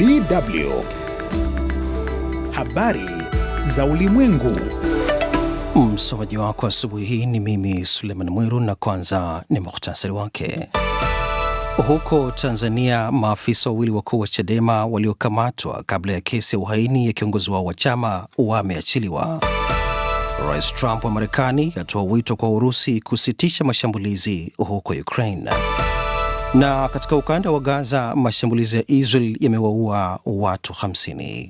DW. Habari za ulimwengu. Msomaji wako asubuhi hii ni mimi Suleiman Mwiru, na kwanza ni muhtasari wake. Huko Tanzania, maafisa wawili wakuu wa Chadema waliokamatwa kabla ya kesi ya uhaini ya kiongozi wao wa chama wameachiliwa. Rais Trump wa Marekani atoa wito kwa Urusi kusitisha mashambulizi huko Ukraine. Na katika ukanda wa Gaza mashambulizi ya Israel yamewaua watu 50.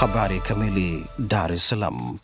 Habari kamili, Dar es Salaam.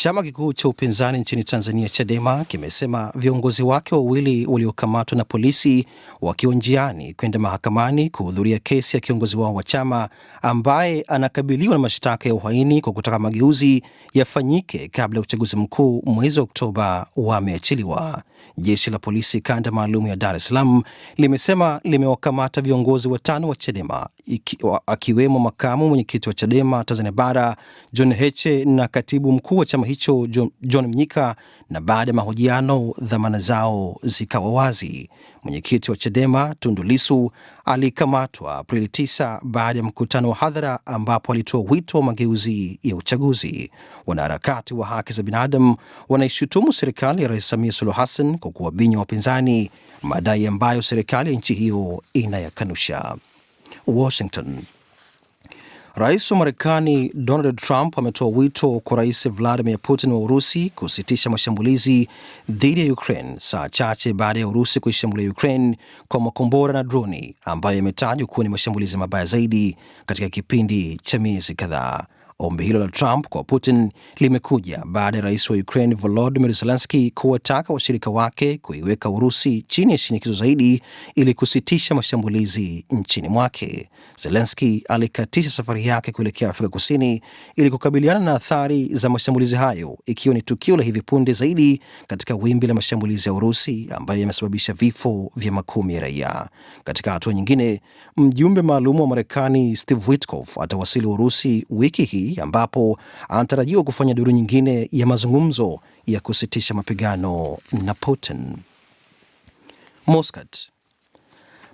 Chama kikuu cha upinzani nchini Tanzania, Chadema, kimesema viongozi wake wawili waliokamatwa na polisi wakiwa njiani kwenda mahakamani kuhudhuria kesi ya kiongozi wao wa chama ambaye anakabiliwa na mashtaka ya uhaini kwa kutaka mageuzi yafanyike kabla ya uchaguzi mkuu mwezi wa Oktoba wameachiliwa. Jeshi la polisi kanda maalum ya Dar es Salaam limesema limewakamata viongozi watano wa Chadema iki, akiwemo makamu mwenyekiti wa Chadema Tanzania Bara John Heche na katibu mkuu wa chama hicho John, John Mnyika, na baada ya mahojiano dhamana zao zikawa wazi. Mwenyekiti wa Chadema Tundu Lissu alikamatwa Aprili 9 baada ya mkutano wa hadhara ambapo alitoa wito wa mageuzi ya uchaguzi. Wanaharakati wa haki za binadamu wanaishutumu serikali ya Rais Samia Suluhu Hassan kwa kuwabinya wapinzani, madai ambayo serikali ya nchi hiyo inayakanusha. Washington. Rais wa Marekani Donald Trump ametoa wito kwa Rais Vladimir Putin wa Urusi kusitisha mashambulizi dhidi ya Ukraine saa chache baada ya Urusi kuishambulia Ukraine kwa makombora na droni ambayo yametajwa kuwa ni mashambulizi mabaya zaidi katika kipindi cha miezi kadhaa. Ombi hilo la Trump kwa Putin limekuja baada ya rais wa Ukraine Volodymyr Zelensky kuwataka washirika wake kuiweka Urusi chini ya shinikizo zaidi ili kusitisha mashambulizi nchini mwake. Zelensky alikatisha safari yake kuelekea Afrika Kusini ili kukabiliana na athari za mashambulizi hayo, ikiwa ni tukio la hivi punde zaidi katika wimbi la mashambulizi ya Urusi ambayo yamesababisha vifo vya makumi ya raia. Katika hatua nyingine, mjumbe maalum wa Marekani Steve Witkoff atawasili Urusi wiki hii ambapo anatarajiwa kufanya duru nyingine ya mazungumzo ya kusitisha mapigano na Putin. Moscow.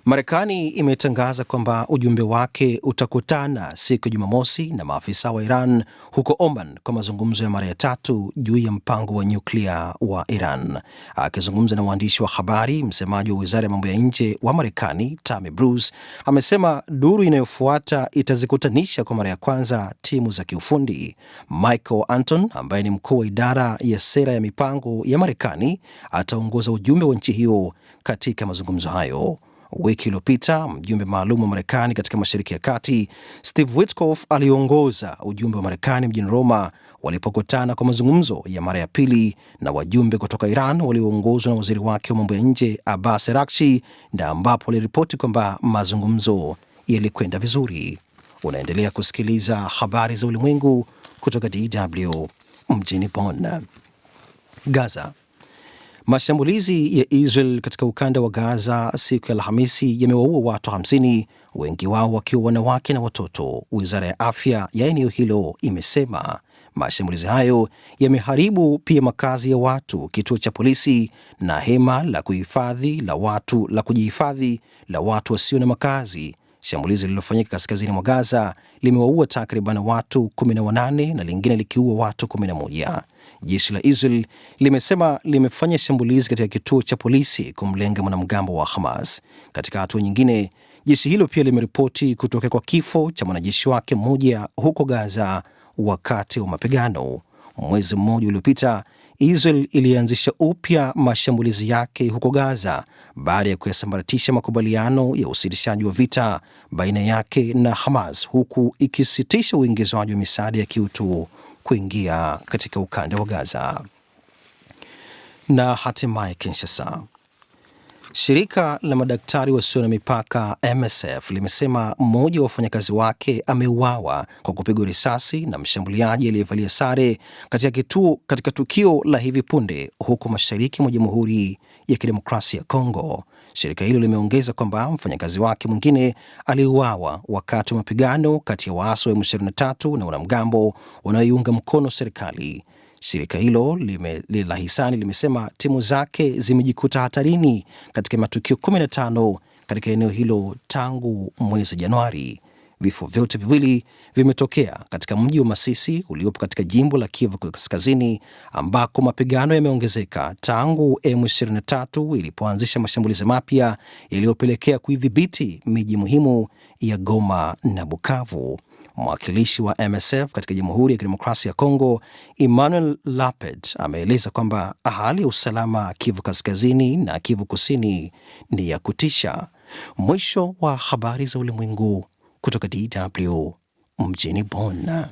Marekani imetangaza kwamba ujumbe wake utakutana siku ya Jumamosi na maafisa wa Iran huko Oman kwa mazungumzo ya mara ya tatu juu ya mpango wa nyuklia wa Iran. Akizungumza na waandishi wa habari, msemaji wa wizara ya mambo ya nje wa Marekani Tammy Bruce amesema duru inayofuata itazikutanisha kwa mara ya kwanza timu za kiufundi. Michael Anton ambaye ni mkuu wa idara ya sera ya mipango ya Marekani ataongoza ujumbe wa nchi hiyo katika mazungumzo hayo. Wiki iliyopita mjumbe maalum wa Marekani katika Mashariki ya Kati Steve Witkoff aliongoza ujumbe wa Marekani mjini Roma walipokutana kwa mazungumzo ya mara ya pili na wajumbe kutoka Iran walioongozwa na waziri wake wa mambo ya nje Abbas Araghchi, na ambapo waliripoti kwamba mazungumzo yalikwenda vizuri. Unaendelea kusikiliza habari za ulimwengu kutoka DW mjini Bonn. Gaza Mashambulizi ya Israel katika ukanda wa Gaza siku ya Alhamisi yamewaua watu 50, wengi wao wakiwa wanawake na watoto, wizara ya afya ya eneo hilo imesema. Mashambulizi hayo yameharibu pia makazi ya watu, kituo cha polisi na hema la kuhifadhi la watu la kujihifadhi la watu wasio na makazi. Shambulizi lililofanyika kaskazini mwa Gaza limewaua takriban watu 18 na lingine likiua watu 11. Jeshi la Israel limesema limefanya shambulizi katika kituo cha polisi kumlenga mwanamgambo wa Hamas. Katika hatua nyingine, jeshi hilo pia limeripoti kutokea kwa kifo cha mwanajeshi wake mmoja huko Gaza wakati wa mapigano. Mwezi mmoja uliopita, Israel ilianzisha upya mashambulizi yake huko Gaza baada ya kuyasambaratisha makubaliano ya usitishaji wa vita baina yake na Hamas, huku ikisitisha uingizwaji wa misaada ya kiutu kuingia katika ukanda wa Gaza. Na hatimaye Kinshasa, shirika la madaktari wasio na mipaka MSF limesema mmoja wa wafanyakazi wake ameuawa kwa kupigwa risasi na mshambuliaji aliyevalia sare katika kituo katika tukio la hivi punde huko mashariki mwa Jamhuri ya Kidemokrasia ya Kongo. Shirika hilo limeongeza kwamba mfanyakazi wake mwingine aliuawa wakati wa mapigano kati ya waasi wa M23 na wanamgambo wanaoiunga mkono serikali. Shirika hilo lime, la hisani limesema timu zake zimejikuta hatarini katika matukio 15 katika eneo hilo tangu mwezi Januari. Vifo vyote viwili vimetokea katika mji wa Masisi uliopo katika jimbo la Kivu Kaskazini, ambako mapigano yameongezeka tangu M23 ilipoanzisha mashambulizi mapya yaliyopelekea kuidhibiti miji muhimu ya Goma na Bukavu. Mwakilishi wa MSF katika Jamhuri ya Kidemokrasia ya Kongo, Emmanuel Lapet, ameeleza kwamba hali ya usalama Kivu Kaskazini na Kivu Kusini ni ya kutisha. Mwisho wa habari za ulimwengu kutoka DW mjini Bonn.